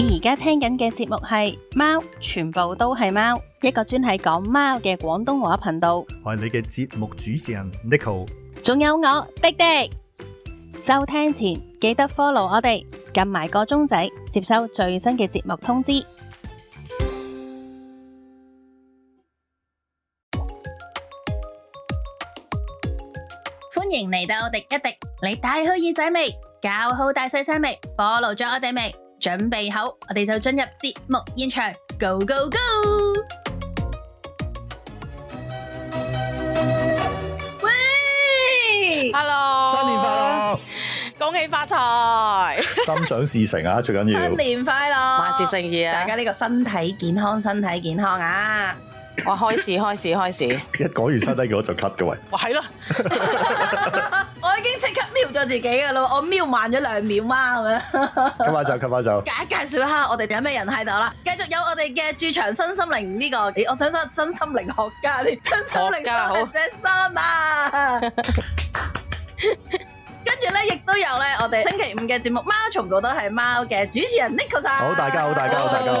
你而家聽緊嘅節目係《貓》，全部都係貓，一個專係講貓嘅廣東話頻道。我係你嘅節目主持人 Neko，仲有我滴滴。收聽前記得 follow 我哋，撳埋個鐘仔，接收最新嘅節目通知。歡迎嚟到滴一滴，你戴好耳仔未？教好大細聲未？Follow 咗我哋未？準備好，我哋就進入節目現場，Go Go Go！喂，Hello，新年快樂，恭喜發財，心想事成啊！最緊要新年快樂，萬事勝意啊！大家呢個身體健康，身體健康啊！哇！開始， 開始，開始，開始！ 一講完身體嘅我就 cut 嘅位。哇，係啦！我已經即刻瞄咗自己嘅咯，我瞄慢咗兩秒啊！咁樣。吸下就吸下就介介紹一下，我哋有咩人喺度啦？繼續有我哋嘅駐場身心靈呢、這個，我想想新心靈學家，你真心靈學家好。大家啊！ 跟住咧，亦都有咧，我哋星期五嘅節目，貓全部都係貓嘅主持人 Neko San 好，大家好，大家好，大家好。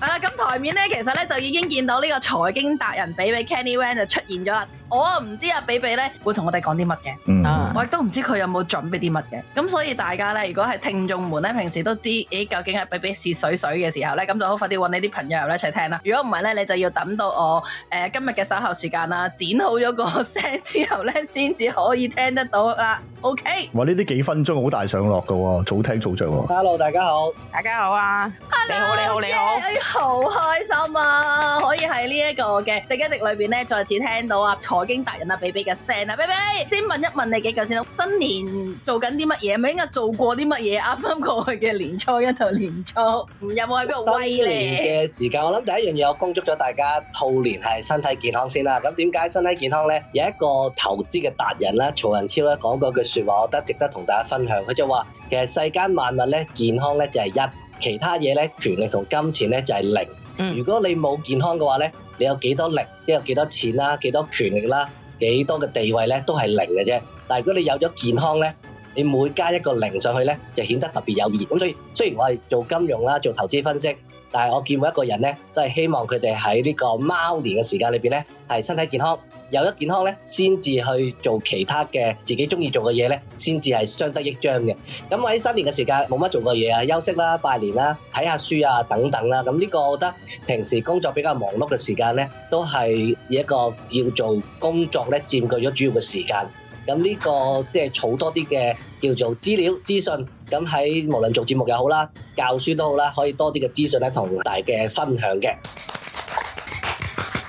係啦，咁、嗯、台面呢，其實呢，就已經見到呢個財經達人比比 Kenny Wen 就出現咗啦。我唔知阿比比咧會同我哋講啲乜嘅，嗯、我亦都唔知佢有冇準備啲乜嘅，咁所以大家咧，如果係聽眾們咧，平時都知誒究竟係比比試水水嘅時候咧，咁就好快啲揾你啲朋友一齊聽啦。如果唔係咧，你就要等到我誒、呃、今日嘅稍後時間啦，剪好咗個聲之後咧，先至可以聽得到啦。OK？哇！呢啲幾分鐘好大上落嘅喎、啊，早聽早著、啊。Hello，大家好，大家好啊！Hello，你好，你好，yeah, 你好！好、yeah, 開心啊， 可以喺呢一個嘅直播室裏邊咧，再次聽到啊！重財經達人啊，比比嘅聲啊，比比先問一問你幾句先。新年做緊啲乜嘢？咪應該做過啲乜嘢？啱啱過去嘅年初一頭，年初有冇喺邊度威咧？新年嘅時間，我諗第一樣嘢我恭祝咗大家兔年係身體健康先啦。咁點解身體健康咧？有一個投資嘅達人啦，曹仁超咧講過句說話，我覺得值得同大家分享。佢就話：其實世間萬物咧，健康咧就係一，其他嘢咧權力同金錢咧就係零。嗯、如果你冇健康嘅話咧。你有幾多力，即有幾多錢啦，幾多權力啦，幾多嘅地位咧，都係零嘅啫。但係如果你有咗健康咧，你每加一個零上去咧，就顯得特別有意。咁所以雖然我係做金融啦，做投資分析。但係我見每一個人咧，都係希望佢哋喺呢個貓年嘅時間裏邊咧，係身體健康，有咗健康咧，先至去做其他嘅自己中意做嘅嘢咧，先至係相得益彰嘅。咁喺新年嘅時間冇乜做過嘢啊，休息啦、拜年啦、睇下書啊等等啦。咁呢個我覺得平時工作比較忙碌嘅時間咧，都係一個叫做工作咧佔據咗主要嘅時間。咁呢個即係儲多啲嘅叫做資料資訊，咁喺無論做節目又好啦，教書都好啦，可以多啲嘅資訊咧同大家分享嘅。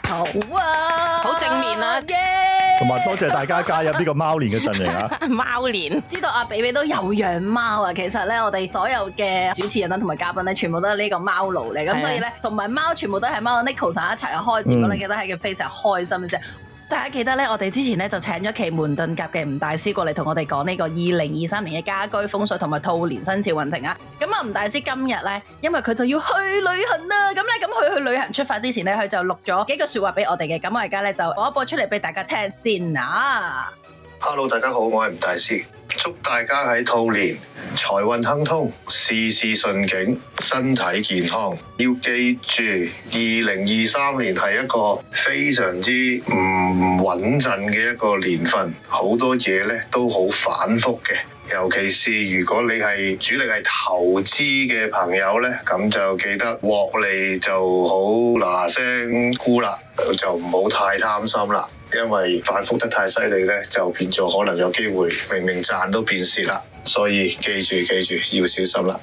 好啊，好正面啊，同埋 Yeah! 多謝大家加入呢個貓年嘅陣營啊！ 貓年連知道阿、啊、比比都有養貓啊，其實咧我哋所有嘅主持人啦同埋嘉賓咧，全部都係呢個貓奴嚟。咁、啊、所以咧同埋貓全部都係貓 Neko San 一齊去開節目咧，都係嘅非常開心嘅啫。大家記得咧，我哋之前咧就請咗奇門遁甲嘅吳大師過嚟同我哋講呢個二零二三年嘅家居風水同埋兔年生肖運程啊，咁啊，吳大師今日咧，因為佢就要去旅行啦，咁咧咁佢去旅行出發之前咧，佢就錄咗幾個説話俾我哋嘅。咁我而家咧就播一播出嚟俾大家聽先啊。Hello，大家好，我係吳大師，祝大家喺兔年財運亨通，事事順境，身體健康。要記住，二零二三年係一個非常之唔穩陣嘅一個年份，好多嘢咧都好反覆嘅。尤其是如果你係主力係投資嘅朋友呢，咁就記得獲利就好嗱聲沽啦，就唔好太貪心啦，因為反覆得太犀利呢，就變咗可能有機會明明賺都變蝕啦，所以記住記住要小心啦。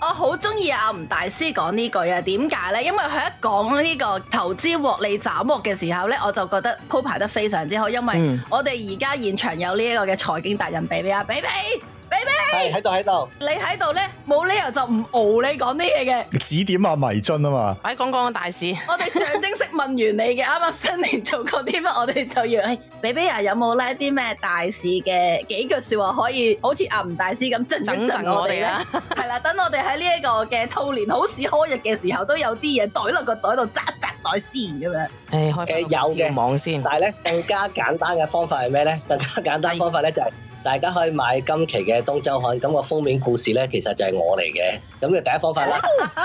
我好中意阿吳大師講呢句啊，點解呢？因為佢一講呢個投資獲利斬獲嘅時候呢，我就覺得鋪排得非常之好，因為我哋而家現場有呢一個嘅財經達人比比啊，比比。比比比比喺度喺度，你喺度咧冇理由就唔敖你講啲嘢嘅，指點阿迷津啊嘛，講講個大事。我哋象徵式問完你嘅，啱啱新年做過啲乜，我哋就要比比啊有冇咧啲咩大事嘅幾句說話可以，好似阿吳大師咁震一震我哋啦，係啦，等我哋喺呢一個嘅兔年好事開日嘅時候，都有啲嘢袋落個袋度扎紮袋先咁樣。誒，有嘅網先，但係咧更加簡單嘅方法係咩咧？更加簡單方法咧就係。大家可以買今期嘅《東周刊》，咁個封面故事咧，其實就係我嚟嘅。咁嘅第一方法啦，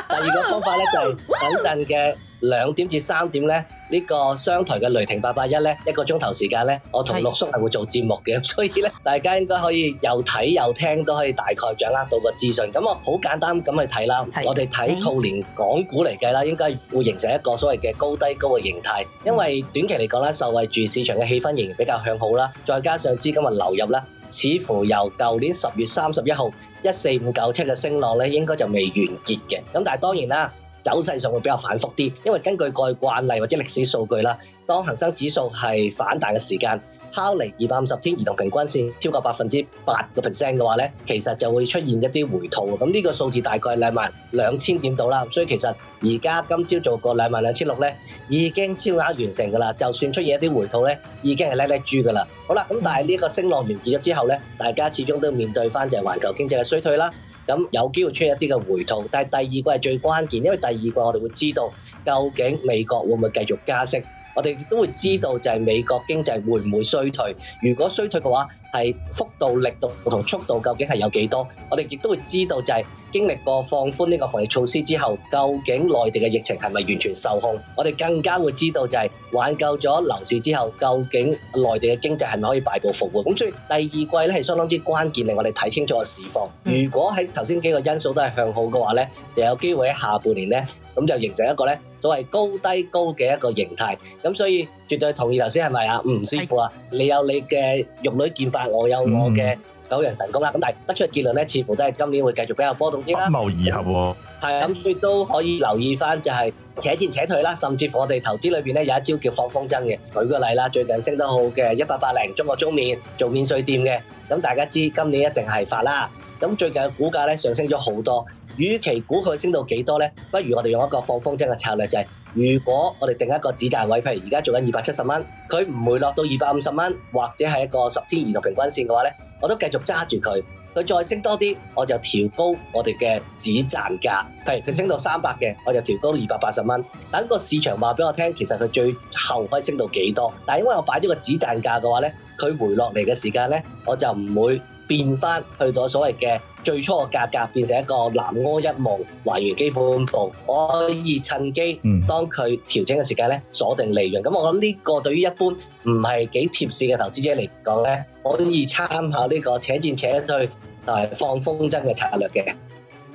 第二個方法咧就係等陣嘅兩點至三點咧，呢個商台嘅雷霆八八一咧，一個鐘頭時間咧，我同陸叔係會做節目嘅，所以咧大家應該可以又睇又聽，都可以大概掌握到個資訊。咁我好簡單咁去睇啦，我哋睇兔年港股嚟計啦，應該會形成一個所謂嘅高低高嘅形態，因為短期嚟講啦，受惠住市場嘅氣氛仍然比較向好啦，再加上資金嘅流入啦。似乎由舊年十月三十一號一四五九七嘅升浪咧，應該就未完結嘅。咁但係當然啦，走勢上會比較反覆啲，因為根據過去慣例或者歷史數據啦，當恒生指數係反彈嘅時間，拋離二百五十天移動平均線超過百分之八個 percent 嘅話咧，其實就會出現一啲回吐。咁呢個數字大概兩萬兩千點度啦。所以其實而家今朝做過兩萬兩千六咧，已經超額完成噶啦。就算出現一啲回吐咧，已經係叻叻豬噶啦。好啦，咁但係呢個升浪完結咗之後咧，大家始終都要面對翻就係環球經濟嘅衰退啦。咁有機會出現一啲嘅回吐，但係第二季係最關鍵，因為第二季我哋會知道究竟美國會唔會繼續加息。我哋亦都會知道就係美國經濟會唔會衰退？如果衰退嘅話，係幅度、力度同速度究竟係有幾多？我哋亦都會知道就係、是，經歷過放寬呢個防疫措施之後，究竟內地嘅疫情係咪完全受控？我哋更加會知道就係挽救咗樓市之後，究竟內地嘅經濟係咪可以擺步復活？咁所以第二季咧，係相當之關鍵，令我哋睇清楚個市況。如果喺頭先幾個因素都係向好嘅話咧，就有機會喺下半年咧，咁就形成一個咧所謂高低高嘅一個形態。咁所以絕對同意頭先係咪啊，吳師傅啊？你有你嘅玉女劍法，我有我嘅。九人神功啦，咁但係得出嘅結論咧，似乎都係今年會繼續比較波動啲啦。不謀而合喎，係咁、嗯，所、嗯、都可以留意翻，就係且戰且退啦。甚至我哋投資裏邊咧有一招叫放風箏嘅，舉個例啦，最近升得好嘅一八八零中國中免做免稅店嘅，咁、嗯、大家知今年一定係發啦，咁、嗯、最近嘅股價咧上升咗好多。與其估佢升到幾多呢？不如我哋用一個放風箏嘅策略，就係如果我哋定一個止賺位，譬如而家做緊二百七十蚊，佢唔回落到二百五十蚊，或者係一個十天移動平均線嘅話呢，我都繼續揸住佢。佢再升多啲，我就調高我哋嘅止賺價。譬如佢升到三百嘅，我就調高二百八十蚊。等個市場話俾我聽，其實佢最後可以升到幾多，但因為我擺咗個止賺價嘅話呢，佢回落嚟嘅時間呢，我就唔會變翻去咗所謂嘅最初嘅價格、格，變成一個南柯一夢，還原基本步，我可以趁機當佢調整嘅時間咧，鎖定利潤。咁、嗯嗯、我諗呢個對於一般唔係幾貼市嘅投資者嚟講咧，可以參考呢個且戰且退同埋放風箏嘅策略嘅。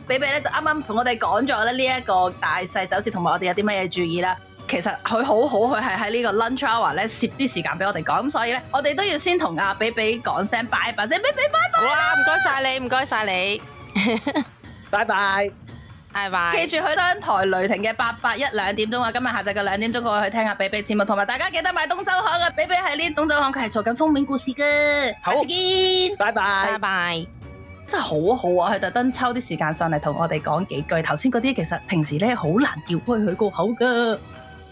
比比咧就啱啱同我哋講咗咧呢一個大勢走勢，同埋我哋有啲乜嘢注意啦。其實佢好好，佢係喺呢個 lunch hour 咧，攝啲時間俾我哋講，咁所以咧，我哋都要先同阿比比講聲拜拜先，比比拜拜。好，唔該晒你，唔該晒你，拜拜，比比拜拜。記住去登台雷霆嘅八八一兩點鐘啊！今日下晝嘅兩點鐘過去去聽下比比節目，同埋大家記得買東周刊啊。比比喺呢東周刊，佢係做緊封面故事㗎。好，再見，拜拜，拜拜，真係好好啊，佢特登抽啲時間上嚟同我哋講幾句。頭先嗰啲其實平時咧好難叫開佢個口㗎。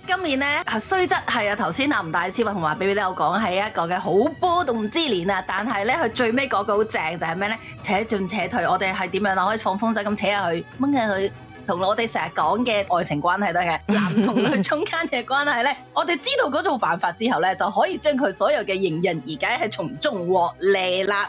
今年咧，雖則係啊！頭先阿吳大師同埋比比都有講係一個嘅好波動之年啊！但係咧，佢最尾嗰個好正就係咩咧？且進且退，我哋係點樣啊？可以放風仔咁扯下佢，掹下佢，同我哋成日講嘅愛情關係都係，男同佢中間嘅關係咧，我哋知道嗰種辦法之後咧，就可以將佢所有嘅迎刃而解，係從中獲利啦。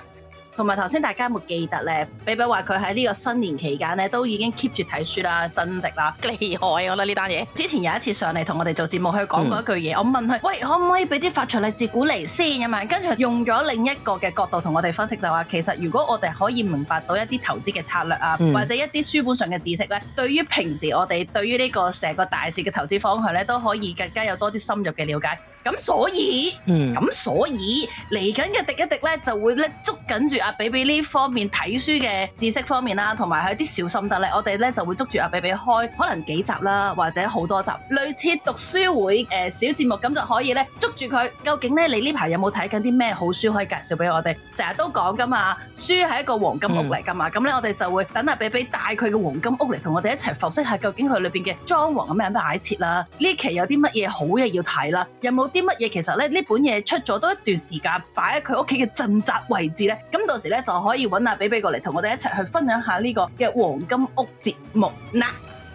同埋頭先，大家有冇記得咧？比比話佢喺呢個新年期間咧，都已經 keep 住睇書啦、增值啦，厲害！我覺得呢單嘢。之前有一次上嚟同我哋做節目，佢講過一句嘢，嗯、我問佢：喂，可唔可以俾啲發財利是股嚟先？咁樣跟住用咗另一個嘅角度同我哋分析就，就話其實如果我哋可以明白到一啲投資嘅策略啊，嗯、或者一啲書本上嘅知識咧，對於平時我哋對於呢個成個大市嘅投資方向咧，都可以更加有多啲深入嘅了解。咁、嗯、所以，咁所以嚟緊嘅滴一滴咧，就會咧捉緊住阿比比呢方面睇書嘅知識方面啦，同埋佢啲小心得咧，我哋咧就會捉住阿比比開，可能幾集啦，或者好多集，類似讀書會誒小節目咁，就可以咧捉住佢。究竟咧你呢排有冇睇緊啲咩好書可以介紹俾我哋？成日都講噶嘛，書係一個黃金屋嚟噶嘛，咁咧我哋就會等阿比比帶佢嘅黃金屋嚟同我哋一齊浮識下，究竟佢裏邊嘅裝潢有咩咩擺設啦，呢期有啲乜嘢好嘢要睇啦，有冇？啲……啲乜嘢？其實咧呢本嘢出咗都一段時間，擺喺佢屋企嘅鎮宅位置咧。咁到時咧就可以揾阿比比過嚟同我哋一齊去分享下呢、這個嘅黃金屋節目。嗱，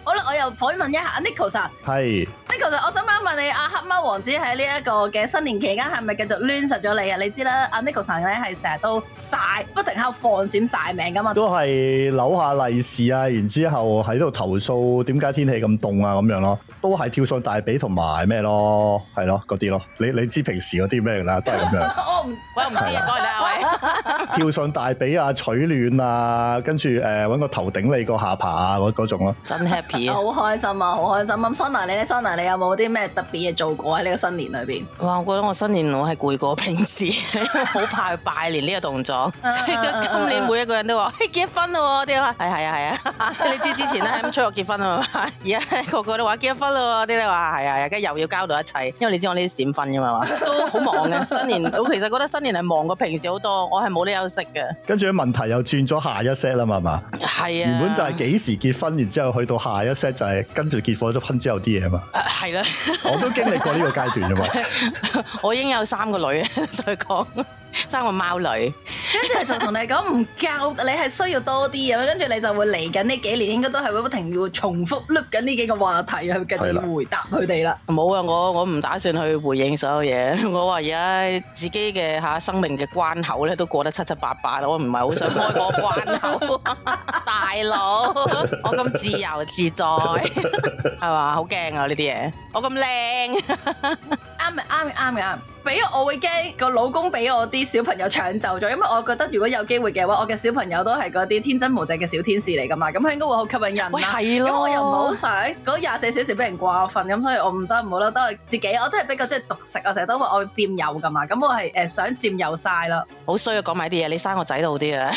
好啦，我又訪問一下 Neko San 係 Neko San 我想問一問你，阿、啊、黑貓王子喺呢一個嘅新年期間係咪繼續攣實咗你啊？你知啦，阿、啊、Neko San 咧係成日都晒，不停喺度放閃晒命噶嘛。都係扭下利是啊，然後之後喺度投訴點解天氣咁凍啊咁樣咯。都係跳上大髀同埋咩咯，係咯嗰啲咯，你你知平時嗰啲咩噶啦，都係咁樣。我唔，我唔知啊，再位。跳上大髀啊，取暖啊，跟住誒揾個頭頂你個下巴啊，嗰種咯。真 happy，好開心啊，好開心。咁 sona 你咧，sona 你有冇啲咩特別嘢做過喺呢個新年裏邊？哇，我覺得我新年我係攰過平時，好怕去拜年呢個動作。即係今年每一個人都話，誒結婚啦喎，點啊？係係啊係啊！你知之前咧咁催我結婚啊，而家個個都話結婚。啲你話係啊，而家又要交到一齊，因為你知我呢啲閃婚噶嘛，都好忙嘅。新年我其實覺得新年係忙過平時好多，我係冇得休息嘅。跟住問題又轉咗下一 set 啦嘛嘛，係啊，原本就係幾時結婚，然之後去到下一 set 就係跟住結婚咗婚之後啲嘢嘛。係啦、啊，啊、我都經歷過呢個階段㗎嘛。 我已經有三個女啊，所以講。生個貓女 跟跟，跟住就同你講唔夠，你係需要多啲咁，跟住你就會嚟緊呢幾年，應該都係會不停要重複 loop 緊呢幾個話題，去繼續回答佢哋啦。冇了啊，我我唔打算去回應所有嘢。我話而家自己嘅吓、啊、生命嘅關口咧，都過得七七八八啦。我唔係好想開個關口， 大佬，我咁自由自在，係嘛？ 好驚啊呢啲嘢，我咁靚。 啱嘅，啱嘅，啱嘅，啱。俾我會驚個老公俾我啲小朋友搶走咗，因為我覺得如果有機會嘅話，我嘅小朋友都係嗰啲天真無邪嘅小天使嚟噶嘛，咁佢應該會好吸引人啦、啊。咁我又唔好想嗰廿四小時俾人瓜分，咁、嗯、所以我唔得，唔好啦，得自己，我真係比較中意獨食啊，成日都話我佔有噶嘛，咁我係誒、呃、想佔有晒啦。好衰啊，講埋啲嘢，你生個仔都好啲啊，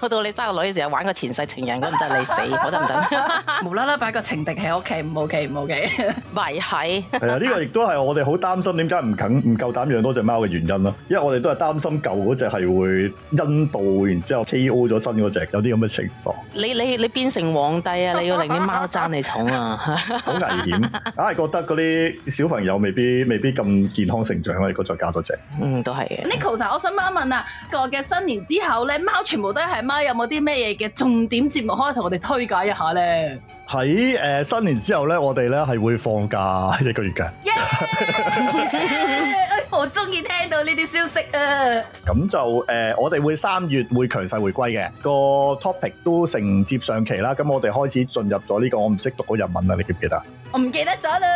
到 到你生個女嘅時候玩個前世情人，都唔得你 死，我得唔得？ 無啦啦擺個情敵喺屋企，唔 OK，唔 OK，咪係。係啊，呢個亦都係我哋好擔心。 點解唔肯唔夠膽養多隻貓嘅原因咯？因為我哋都係擔心舊嗰隻係會因妒，然之後 KO 咗新嗰隻，有啲咁嘅情況。你你你變成皇帝啊！你要令啲貓爭你寵啊！好 危險啊！係覺得嗰啲小朋友未必未必咁健康成長啊！如果再加多隻，嗯，都係嘅。Neko，我想問一問啊，過嘅新年之後咧，貓全部都係貓，有冇啲咩嘢嘅重點節目可以同我哋推介一下咧？喺誒、呃、新年之後咧，我哋咧係會放假一個月嘅。耶！我鍾意聽到呢啲消息啊。咁就誒、呃，我哋會三月會強勢回歸嘅，個 topic 都承接上期啦。咁我哋開始進入咗呢個我唔識讀嘅日文啊，你記唔記得？我唔記得咗啦！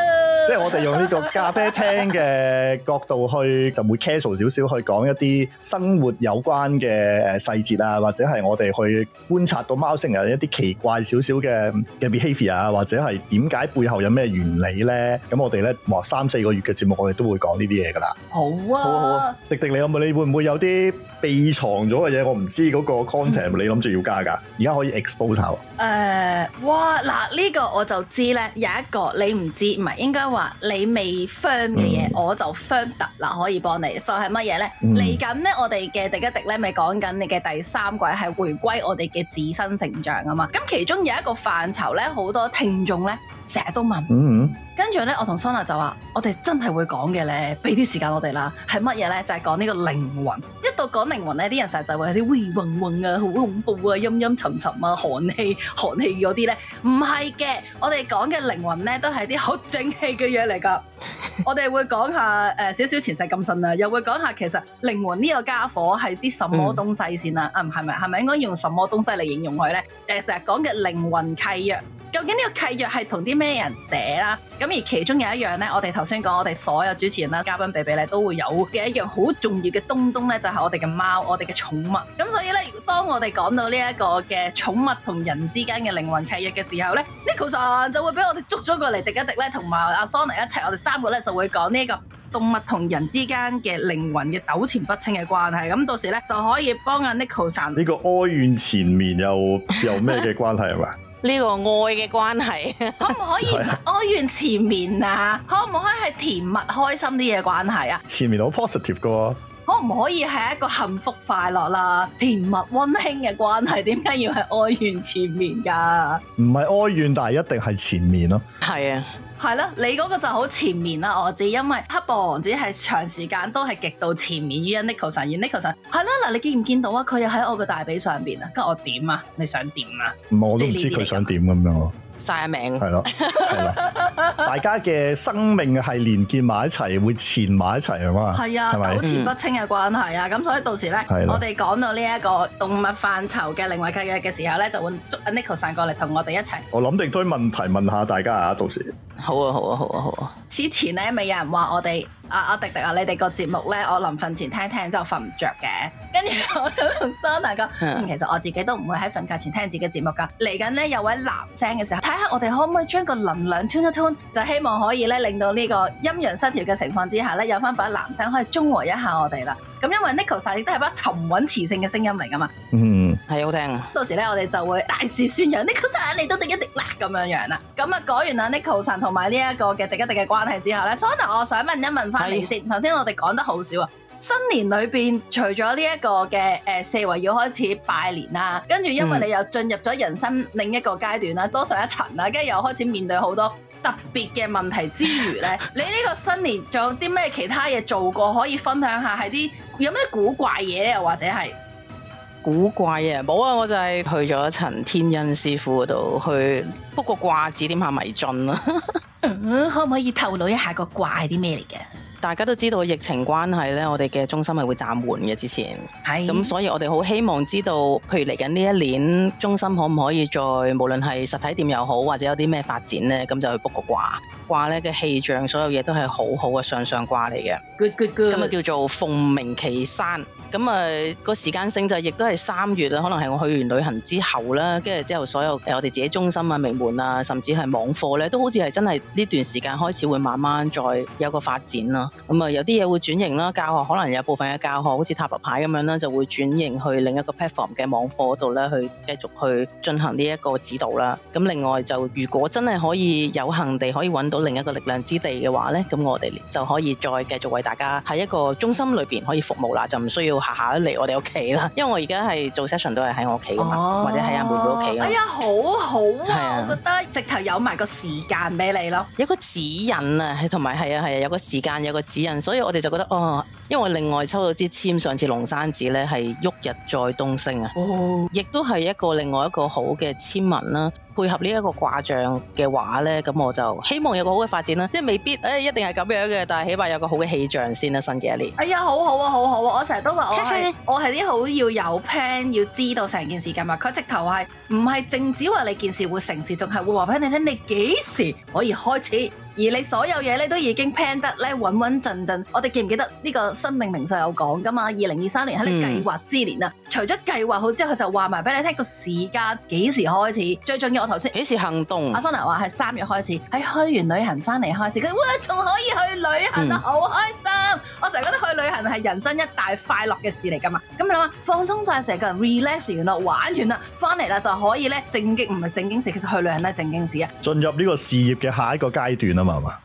即係我哋用呢個咖啡廳嘅角度去， 就會 casual 少少去講一啲生活有關嘅誒細節啊，或者係我哋去觀察到貓星人一啲奇怪少少嘅嘅 behavior 啊，或者係點解背後有咩原理咧？咁我哋咧話三四個月嘅節目，我哋都會講呢啲嘢噶啦。好啊，好啊！好啊！迪迪，你有冇你會唔會有啲秘藏咗嘅嘢？我唔知嗰個 content、嗯、你諗住要加㗎，而家可以 expose 吓！誒、呃，哇！嗱，呢個我就知咧，有一個。你唔知，唔係應該話你未 firm 嘅嘢，嗯、我就 firm 得啦，可以幫你。再係乜嘢咧？嚟緊咧，我哋嘅《滴一滴呢》咧，咪講緊你嘅第三季係回歸我哋嘅自身成長啊嘛。咁其中有一個範疇咧，好多聽眾咧，成日都問，跟住咧，我同 Sona 就話：我哋真係會講嘅咧，俾啲時間我哋啦。係乜嘢咧？就係講呢個靈魂。一到講靈魂咧，啲人成日就會有啲鬱鬱鬱啊，好恐怖啊，陰陰沉沉啊，寒氣寒氣嗰啲咧，唔係嘅。我哋講嘅靈魂咧，都係啲好正氣嘅嘢嚟㗎。 我哋會講下誒少少前世今生啦，又會講下其實靈魂呢個傢伙係啲什麼東西先啦、啊。Mm. 嗯，係咪係咪應該用什麼東西嚟形容佢咧？誒，成日講嘅靈魂契約。究竟呢個契約係同啲咩人寫啦？咁而其中有一樣呢，我哋頭先講我哋所有主持人啦、嘉賓比比，咧都會有嘅一樣好重要嘅東東呢，就係、是、我哋嘅貓、我哋嘅寵物。咁所以呢，如果當我哋講到呢一個嘅寵物同人之間嘅靈魂契約嘅時候呢 Neko Sa n 就會俾我哋捉咗過嚟，滴一滴呢，同埋阿 Sonny 一齊，我哋三個呢就會講呢、這個。動物同人之間嘅靈魂嘅糾纏不清嘅關係，咁到時咧就可以幫阿 Neko San。呢個哀怨纏綿又有咩嘅關係啊？嘛？呢個愛嘅關係，可唔可以哀怨纏綿啊？可唔可以係甜蜜開心啲嘅關係啊？纏綿好 positive 嘅喎。可唔可以係一個幸福快樂啦、啊、甜蜜溫馨嘅關係？點解要係哀怨纏綿㗎？唔係哀怨，但係一定係纏綿咯。係啊。係啦，你嗰個就好前面啦，啊，我自己因為黑袍王子係長時間都係極度前面，Nicholson。而 Nicholson 係啦，嗱你見唔見到啊？佢又喺我嘅大髀上邊啊，跟我點啊？你想點啊？唔係，我都唔知佢想點咁樣，啊。曬命係咯， 大家嘅生命係連結埋一齊，會纏埋一齊啊嘛，係 啊，糾纏吧不清嘅關係啊，咁、嗯、所以到時咧，的我哋講到呢一個動物範疇嘅另外契約嘅時候咧，就會捉阿 Neko San 過嚟同我哋一齊。我諗定堆問題問下大家啊，到時。好啊好啊好啊好啊！好啊好啊好啊，之前咧咪有人話我哋。啊！阿迪迪啊，你哋個節目咧，我臨瞓前聽聽之後，之係瞓唔着嘅。跟住我同 d o n 其實我自己都唔會喺瞓覺前聽自己節目噶。嚟緊咧有位男聲嘅時候，睇下我哋可唔可以將個能量吞 u r 一 t tune，就希望可以咧令到呢個陰陽失調嘅情況之下咧，有翻把男聲可以中和一下我哋啦。咁因為 Nicholas 亦都係把沉穩磁性嘅聲音嚟噶嘛。嗯係好聽啊！到時咧，我哋就會大肆宣揚 Neko san 你都滴一滴辣咁樣樣啦。咁啊，講、嗯、完啦 Neko san 同埋呢一個嘅滴一滴嘅關係之後咧，所以我想問一問翻你先。頭先唉我哋講得好少啊。新年裏邊，除咗呢一個嘅誒、呃，四圍要開始拜年啦，跟住因為你又進入咗人生另一個階段啦，多上一層啦，跟住又開始面對好多特別嘅問題之餘咧， 你呢個新年仲有啲咩其他嘢做過可以分享下？係啲有咩古怪嘢咧，又或者係？古怪啊，冇啊，我就係去咗陳天恩師傅嗰度去卜 o 個卦指點下迷津啦、 嗯嗯。可唔可以透露一下個卦係啲咩嚟嘅？大家都知道疫情關係呢，我哋嘅中心係會暫緩嘅。之前係咁，是所以我哋好希望知道，譬如嚟緊呢一年中心可唔可以再，無論係實體店又好，或者有啲咩發展呢，咁就去卜 o 個卦。卦呢嘅氣象，所有嘢都係好好嘅上上卦嚟嘅。咁啊 good ,叫做鳳鳴岐山。咁啊、那個時間性就係、亦都係三月啦，可能係我去完旅行之後啦，跟住之後所有誒、呃、我哋自己中心啊、名門啊，甚至係網課咧，都好似係真係呢段時間開始會慢慢再有個發展啦。咁啊，有啲嘢會轉型啦，教學可能有部分嘅教學好似塔羅牌咁樣啦，就會轉型去另一個 platform 嘅網課嗰度咧，去繼續去進行呢一個指導啦。咁另外就如果真係可以有幸地可以揾到另一個力量之地嘅話咧，咁我哋就可以再繼續為大家喺一個中心裏邊可以服務啦，就唔需要。下下都嚟我哋屋企啦，因為我而家係做 session 都係喺我屋企㗎嘛，哦、或者喺阿妹妹屋企。哎呀，好好啊，啊我覺得直頭有埋個時間俾你咯。有個指引啊，同埋係啊係啊，啊，有個時間有個指引，所以我哋就覺得哦，因為我另外抽到支簽，上次龍山寺咧係旭日再東升啊，亦都係一個另外一個好嘅簽文啦、啊。配合呢一個卦象嘅話咧，咁我就希望有個好嘅發展啦，即係未必誒、哎、一定係咁樣嘅，但係起碼有個好嘅氣象先啦，新嘅一年。哎呀，好好、啊、好好、啊，我成日都話我係我係啲好要有 plan，要知道成件事嘅嘛。佢直頭係唔係淨只話你件事會成事，仲係會話俾你聽，你幾時可以開始？而你所有嘢咧都已經 plan 得咧穩穩陣陣，我哋記唔記得呢個生命靈數有講噶嘛？二零二三年係你計劃之年啊，嗯、除咗計劃好之後，佢就話埋俾你聽個時間幾時開始。最重要我，我頭先幾時行動？阿桑拿話係三月開始，喺去完旅行翻嚟開始。佢哇，仲可以去旅行啊，好、嗯、開心！我成日覺得去旅行係人生一大快樂嘅事嚟噶嘛。咁你諗下，放鬆晒，成個人 relax 完啦，玩完啦，翻嚟啦就可以咧正經唔係正經事，其實去旅行都係正經事啊。進入呢個事業嘅下一個階段啊！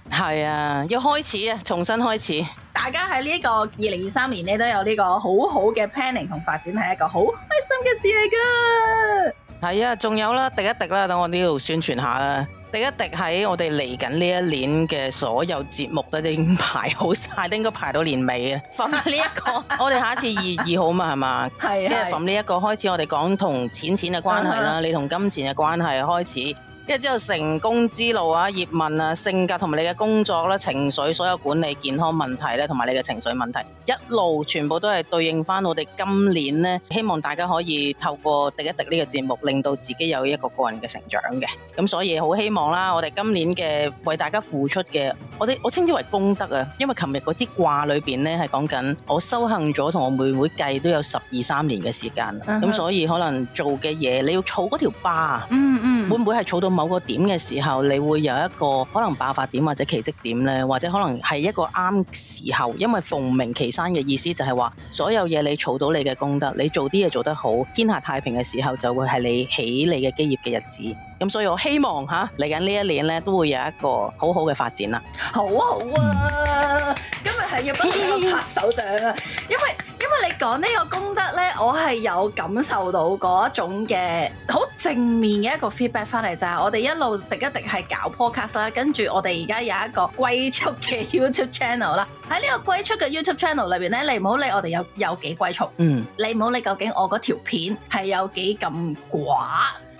係啊，要開始啊，重新開始。大家喺呢個二零二三年呢，都有呢個好好嘅 planning 同發展，係一個好開心嘅事嚟㗎。係啊，仲有啦，滴一滴啦，等我呢度宣傳下啦，滴一滴喺我哋嚟緊呢一年嘅所有節目都已經排好晒，都應該排到年尾啊。揈呢一個，我哋下一次二月二號嘛，係嘛？係是。跟住揈呢一個，開始我哋講同錢錢嘅關係啦， 你同金錢嘅關係開始。即係之後成功之路啊，葉問啊，性格同埋你嘅工作啦、情緒所有管理健康問題咧，同埋你嘅情緒問題，一路全部都係對應翻我哋今年呢，希望大家可以透過滴一滴呢個節目，令到自己有一個個人嘅成長嘅。咁所以好希望啦，我哋今年嘅為大家付出嘅，我哋我稱之為功德啊，因為琴日嗰支卦裏邊呢，係講緊我修行咗同我妹妹計都有十二三年嘅時間，咁、嗯、哼所以可能做嘅嘢你要儲嗰條疤。嗯嗯、會唔會係儲到某個點嘅時候，你會有一個可能爆發點或者奇蹟點呢？或者可能係一個啱時候，因為鳳鳴岐山嘅意思就係話，所有嘢你儲到你嘅功德，你做啲嘢做得好，天下太平嘅時候就會係你起你嘅基業嘅日子。咁所以我希望嚇嚟緊呢一年咧都會有一個好好嘅發展啦。好啊好啊，嗯、今日係要乜嘢拍手掌啊？ 因為因為你講呢個功德咧，我係有感受到嗰一種嘅好正面嘅一個 feedback 翻嚟，就係我哋一路滴一滴係搞 podcast 啦，跟住我哋而家有一個歸宿嘅 YouTube channel 啦。喺呢個歸宿嘅 YouTube channel 裏邊咧，你唔好理我哋有有幾歸宿，嗯，你唔好理究竟我嗰條片係有幾咁寡，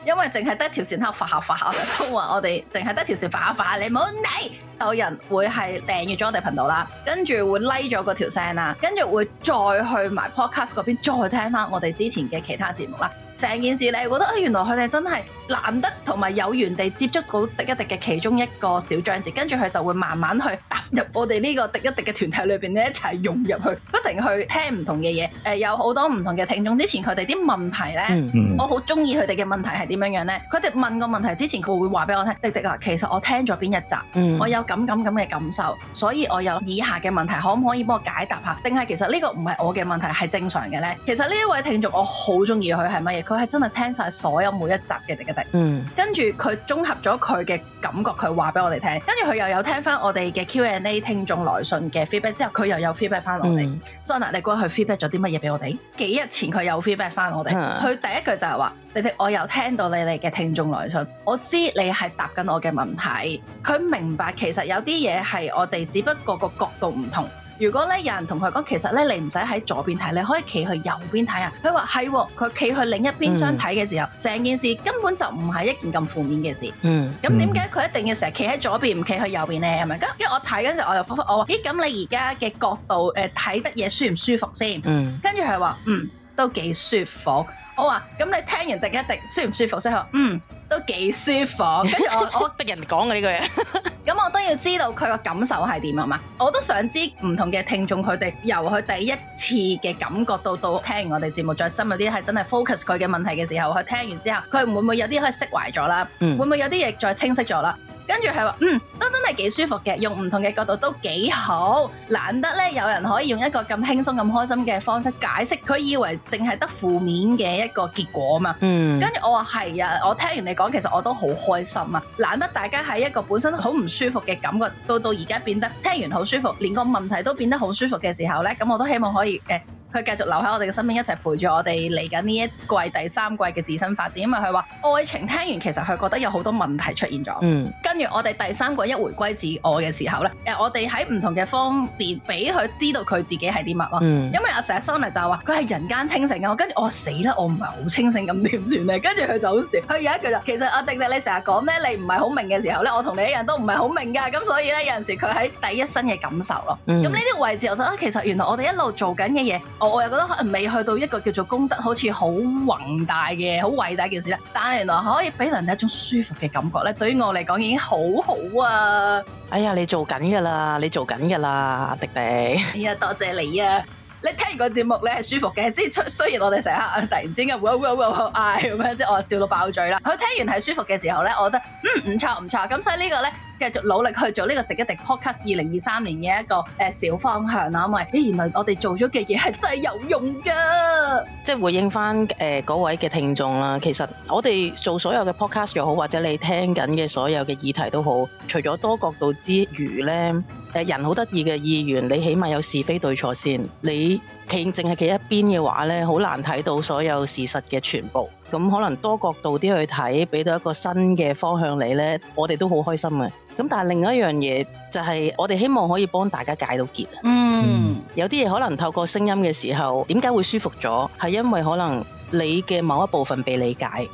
因為淨係得條線黑發下發下，都話我哋淨係得條線發一發，你唔好理。有人會係訂閱咗我哋頻道啦，跟住會 like 咗嗰條聲啦，跟住會再去埋 podcast 嗰邊再聽翻我哋之前嘅其他節目啦。成件事你我覺得原來佢哋真係難得同埋有緣地接觸到滴一滴嘅其中一個小章節，跟住佢就會慢慢去踏入我哋呢個滴一滴嘅團體裏邊咧，一齊融入去，不停去聽唔同嘅嘢。誒、呃，有好多唔同嘅聽眾之前佢哋啲問題咧，嗯嗯、我好中意佢哋嘅問題係點樣樣咧。佢哋問個問題之前，佢會話俾我聽：滴滴啊，其實我聽咗邊一集，嗯、我有。噉噉噉嘅感受，所以我有以下嘅問題，可唔可以幫我解答下？定係其實呢個唔係我嘅問題，係正常嘅咧。其實呢一位聽眾我好中意佢係乜嘢？佢係真係聽晒所有每一集嘅迪嘅迪，嗯，跟住佢綜合咗佢嘅感覺，佢話俾我哋聽。跟住佢又有聽翻我哋嘅 Q&A 聽眾來信嘅 feedback 之後，佢又有 feedback 翻我哋。所以、嗯，嗱、so，你估下佢 feedback 咗啲乜嘢俾我哋？幾日前佢有 feedback 翻我哋，佢、嗯、第一句就係話。你哋我又聽到你哋嘅聽眾來信，我知你係答緊我嘅問題。佢明白其實有啲嘢係我哋只不過個角度唔同。如果咧有人同佢講，其實咧你唔使喺左邊睇，你可以企去右邊睇啊。佢話係，佢企去另一邊相睇嘅時候，成件事根本就唔係一件咁負面嘅事。嗯。咁點解佢一定要成日企喺左邊唔企去右邊咧？咁，跟住我睇緊時我又復復我話：咦，咁你而家嘅角度誒睇得嘢舒唔舒服先？嗯。跟住佢話：嗯。都幾舒服，我話咁你聽完第一滴，舒唔舒服先？佢話嗯，都幾舒服。跟住我我逼人講嘅呢句嘢，咁我都要知道佢個感受係點啊嘛！我都想知唔同嘅聽眾佢哋由佢第一次嘅感覺到到聽完我哋節目再深入啲，係真係 focus 佢嘅問題嘅時候，佢聽完之後，佢會唔會有啲可以釋懷咗啦？嗯、會唔會有啲嘢再清晰咗啦？跟住佢話，嗯，都真係幾舒服嘅，用唔同嘅角度都幾好，難得咧有人可以用一個咁輕鬆、咁開心嘅方式解釋佢以為淨係得負面嘅一個結果嘛。嗯，跟住我話係啊，我聽完你講，其實我都好開心啊，難得大家喺一個本身好唔舒服嘅感覺，到到而家變得聽完好舒服，連個問題都變得好舒服嘅時候呢，咁我都希望可以誒，呃佢繼續留喺我哋嘅身邊，一齊陪住我哋嚟緊呢一季第三季嘅自身發展，因為佢話愛情聽完其實佢覺得有好多問題出現咗。嗯，跟住我哋第三季一回歸自我嘅時候咧，誒、呃，我哋喺唔同嘅方面俾佢知道佢自己係啲乜咯。因為阿成日 Sonny 就話佢係人間清醒嘅，我跟住我、哦、死啦，我唔係好清醒咁點算咧？跟住佢就好笑，佢有一句就其實阿迪迪你成日講咧，你唔係好明嘅時候咧，我同你一樣都唔係好明㗎，咁所以咧有陣時佢喺第一身嘅感受咯。嗯，咁呢啲位置我覺得、啊、其實原來我哋一路做緊嘅嘢。我又覺得可能未去到一個叫做功德，好似好宏大嘅、好偉大一件事啦。但係原來可以俾人哋一種舒服嘅感覺咧，對於我嚟講已經好好啊！哎呀，你做緊㗎啦，你做緊㗎啦，迪迪。係啊、哎呀，多謝你啊！你聽完個節目咧係舒服嘅，即係出雖然我哋成刻突然之間會嗌咁樣，即係我笑到爆嘴啦。佢聽完係舒服嘅時候咧，我覺得嗯唔錯唔錯咁，所以個呢個咧繼續努力去做呢個「滴一滴」podcast 二零二三年嘅一個誒小方向啦。咁啊，原來我哋做咗嘅嘢係真係有用㗎！即係回應翻誒嗰位嘅聽眾啦。其實我哋做所有嘅 podcast 又好，或者你聽緊嘅所有嘅議題都好，除咗多角度之餘咧。人好得意嘅意願，你起碼有是非對錯先。你企淨係企一邊嘅話呢，好難睇到所有事實嘅全部。咁可能多角度啲去睇，俾到一個新嘅方向你呢，我哋都好開心嘅。咁但係另一樣嘢就係，我哋希望可以幫大家解到結。嗯，有啲嘢可能透過聲音嘅時候，點解會舒服咗？係因為可能你嘅某一部分被理解。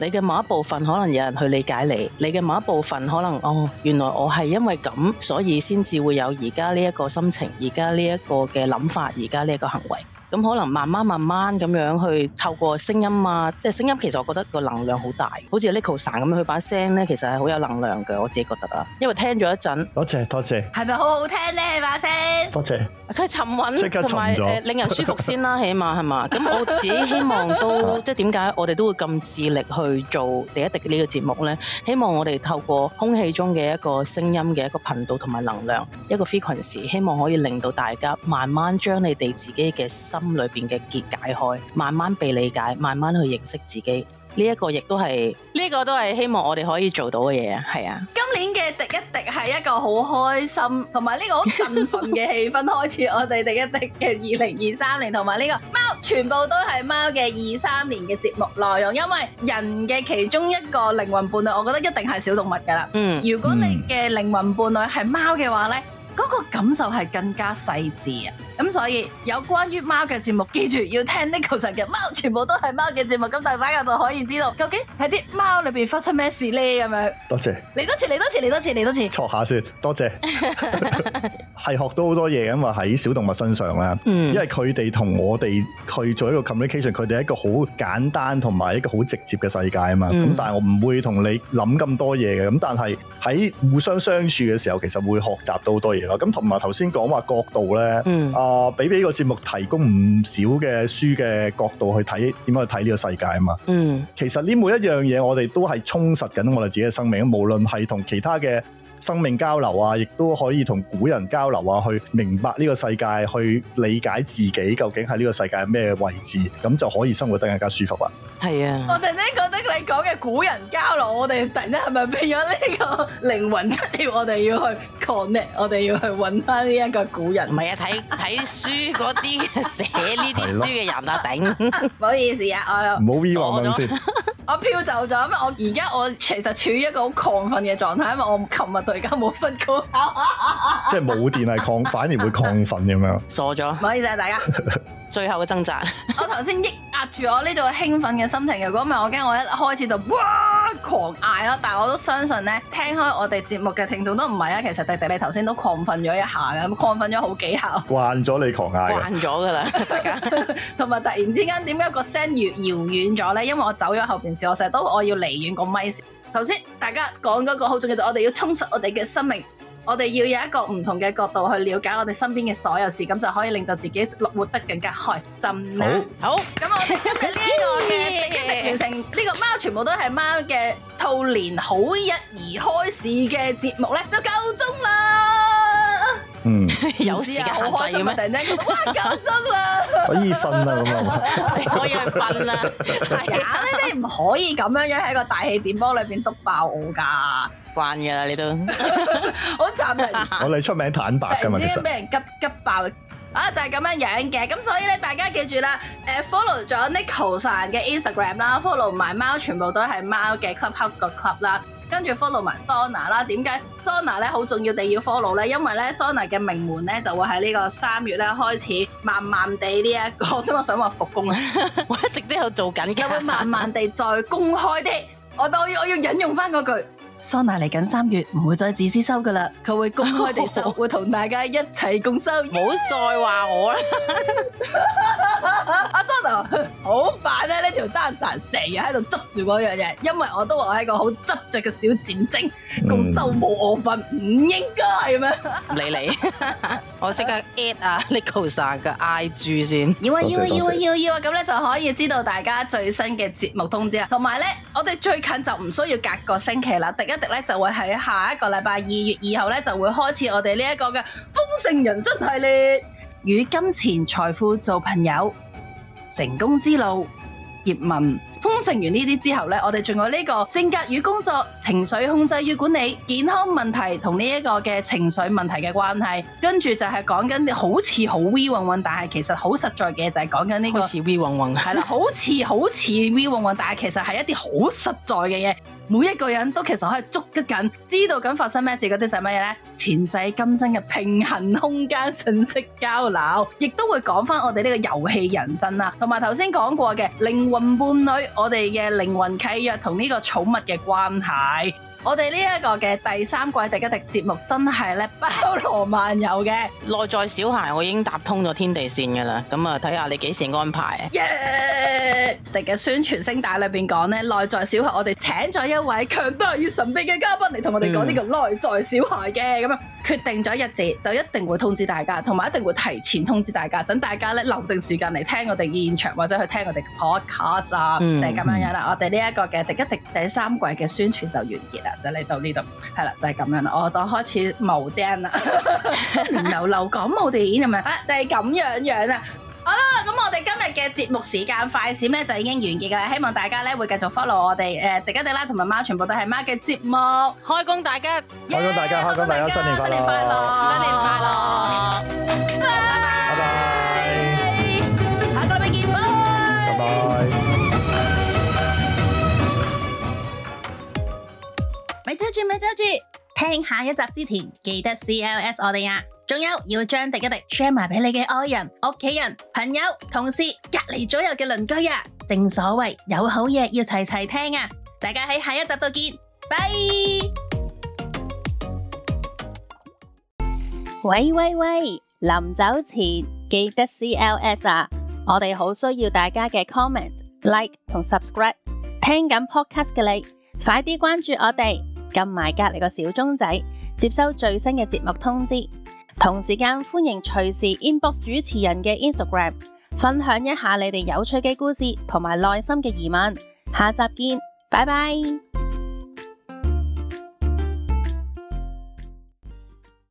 你嘅某一部分可能有人去理解你，你嘅某一部分可能哦，原來我係因為咁，所以先至會有而家呢一個心情，而家呢一個嘅諗法，而家呢一個行為。咁可能慢慢慢慢咁樣去透過聲音啊，即係聲音其實我覺得個能量好大，好似 Neko San 咁，佢把聲咧其實係好有能量嘅，我自己覺得啊，因為聽咗一陣。多謝多謝。係咪好好聽咧把聲？多謝。佢沉穩，同埋令人舒服先啦，起碼係嘛？咁我自己希望都即係點解我哋都會咁致力去做《滴一滴》呢個節目咧？希望我哋透過空氣中嘅一個聲音嘅一個頻道同埋能量一個 frequency，希望可以令到大家慢慢將你哋自己嘅心。心裏邊嘅結解開，慢慢被理解，慢慢去認識自己，呢、這、一個亦都係呢個都係希望我哋可以做到嘅嘢，係啊。今年嘅滴一滴係一個好開心，同埋呢個好振奮嘅氣氛開始，我哋滴一滴嘅二零二三年，同埋呢個貓，全部都係貓嘅二三年嘅節目內容。因為人嘅其中一個靈魂伴侶，我覺得一定係小動物噶啦。嗯，如果你嘅靈魂伴侶係貓嘅話呢嗰、那個感受係更加細致啊。咁所以有關於貓嘅節目，記住要聽 Neko 嘅貓，全部都係貓嘅節目。咁大家又就可以知道究竟喺啲貓裏邊發生咩事咧？咁樣多謝，謝，嚟多次，嚟多次，嚟多次，嚟多次。坐下先，多謝，謝，係 學到好多嘢因啊！喺小動物身上啦，嗯、因為佢哋同我哋去做一個 communication，佢哋係一個好簡單同埋一個好直接嘅世界啊嘛。咁、嗯、但係我唔會同你諗咁多嘢嘅，咁但係喺互相相處嘅時候，其實會學習到好多嘢咯。咁同埋頭先講話角度咧，呃、嗯。啊！比比呢個節目提供唔少嘅書嘅角度去睇，點樣去睇呢個世界啊嘛。嗯，其實呢每一樣嘢，我哋都係充實緊我哋自己嘅生命，無論係同其他嘅生命交流啊，亦都可以同古人交流啊，去明白呢個世界，去理解自己究竟喺呢個世界咩位置，咁就可以生活得更加舒服啦。係啊，我突然覺得你講嘅古人交流，我哋突然間係咪變咗呢個靈魂出竅？我哋要去 connect，我哋要去揾翻呢一個古人。唔係啊，睇睇書嗰啲寫呢啲書嘅人啊，頂了，唔 好意思啊，我唔好意忘咁先。我飄走咗，因為我而家我其實處於一個好亢奮嘅狀態，因為我琴日到而家冇瞓覺 即，即係冇電係亢，反而會亢奮咁樣傻了。傻咗，唔好意思啊，大家。 最後嘅掙扎， 我頭先抑壓住我呢種興奮嘅心情。如果唔係，我驚我一開始就哇狂嗌咯。但係我都相信咧，聽開我哋節目嘅聽眾都唔係啊。其實迪迪你頭先都亢奮咗一下嘅，亢奮咗好幾下。 慣咗你狂嗌，慣咗㗎啦，大家。同埋突然之間，點解個聲越遙遠咗咧？因為我走咗後邊時，我成日都我要離遠個咪。頭先大家講嗰個好重要就，我哋要充實我哋嘅生命。我哋要有一個唔同嘅角度去了解我哋身邊嘅所有事，咁就可以令到自己活得更加開心啦。好，咁我哋今日呢、呢個一直 完成呢個貓，全部都係貓嘅兔年好日宜開市嘅節目咧，就夠鐘啦。嗯，啊啊、 有時突然間好快咩？哇，夠鐘啦！ 可以瞓啦，咁啊， 可以瞓啦。係啊，你唔可以咁樣樣喺個大氣電波裏邊篤爆我㗎。慣噶啦，你都好坦白。我哋出名坦白嘅問題，俾人急急爆啊！就係咁樣樣嘅，咁所以咧，大家記住啦，誒，follow 咗 Neko San 嘅 Instagram 啦，follow 埋貓，全部都係貓嘅 Clubhouse 個 club 啦，跟住 follow 埋 Sona 啦。點解 Sona 咧好重要地要 follow 咧？因為咧 Sona 嘅名門咧就會喺呢個三月咧開始慢慢地呢一個，所以我想話復工，我一直都有做緊嘅，會慢慢地再公開啲。我我我要引用翻嗰句。桑拿嚟緊三月唔會再自私收噶啦，佢會公開地收，會同大家一齊共收。唔好、oh, Yeah! 再話我啦，阿桑拿好煩啊！呢條單神成日喺度執住嗰樣嘢，因為我都話我係個好執着嘅小戰爭，嗯、共收冇我份唔應該咁咩？唔理 你，你，我即刻 at 啊、uh, Neko San 嘅 IG 先。要啊要啊要啊要啊！要啊。咁咧、啊啊啊啊啊、就可以知道大家最新嘅節目通知啦。同埋咧，我哋最近就唔需要隔個星期啦一迪咧，就會喺下一個禮拜二月二號咧，就會開始我哋呢一個嘅豐盛人生系列，與金錢財富做朋友，成功之路。葉問豐盛完呢啲之後咧，我哋仲有呢個性格與工作、情緒控制與管理、健康問題同呢一個嘅情緒問題嘅關係，跟住就係講緊好似好虛晃晃，2, 但係其實好實在嘅就係講緊呢個小虛晃晃，係啦， 好似好似虛晃晃，2, 但係其實係一啲好實在嘅嘢。每一個人都其實可以捉得緊，知道緊發生咩事，嗰啲就係乜嘢咧？前世今生嘅平衡空間信息交流，亦都會講翻我哋呢個遊戲人生啦，同埋頭先講過嘅靈魂伴侶，我哋嘅靈魂契約同呢個寵物嘅關係。我哋呢一個嘅第三季第一集節目真係咧包羅萬有嘅，內在小孩我已經搭通咗天地線噶啦，咁啊睇下你幾時安排？啊 Yeah!？耶！我哋嘅宣傳聲帶裏邊講咧，內在小孩我哋請咗一位強大而神秘嘅嘉賓嚟同我哋講呢個內在小孩嘅，咁啊。嗯決定咗日子就一定會通知大家，同埋一定會提前通知大家，等大家咧留定時間嚟聽我哋現場或者去聽我哋嘅 podcast 啦，嗯、就係咁樣樣啦。我哋呢一個嘅第一定第三季嘅宣傳就完結啦，就嚟、是、到呢度，係啦，就係、是、咁樣啦。我就開始冇釘啦， 流流噉冇釘係咪啊？就係、是、咁樣樣啦。好啦，咁我哋今日嘅節目時間快閃咧就已經完結噶啦，希望大家咧會繼續 follow 我哋誒，迪加迪拉同埋貓，全部都係貓嘅節目，開工大吉！開工大吉，開工大家新年快樂，新年快樂，拜拜拜拜，下個禮拜見喎！拜拜，咪遮住，咪遮住，聽下一集之前記得 CLS 我哋啊！仲有要將滴一滴 share 埋俾你嘅愛人、屋企人、朋友、同事、隔籬左右嘅鄰居啊！正所謂有好嘢要齊齊聽啊！大家喺下一集度見，拜。喂喂喂！臨走前記得 C L S 啊！我哋好需要大家嘅 comment、like 同 subscribe。聽緊 podcast 嘅你，快啲關注我哋，撳埋隔籬個小鐘仔，接收最新嘅節目通知。同時間歡迎隨時 inbox 主持人嘅 Instagram，分享一下你哋有趣嘅故事同埋內心嘅疑問。下集見，拜拜。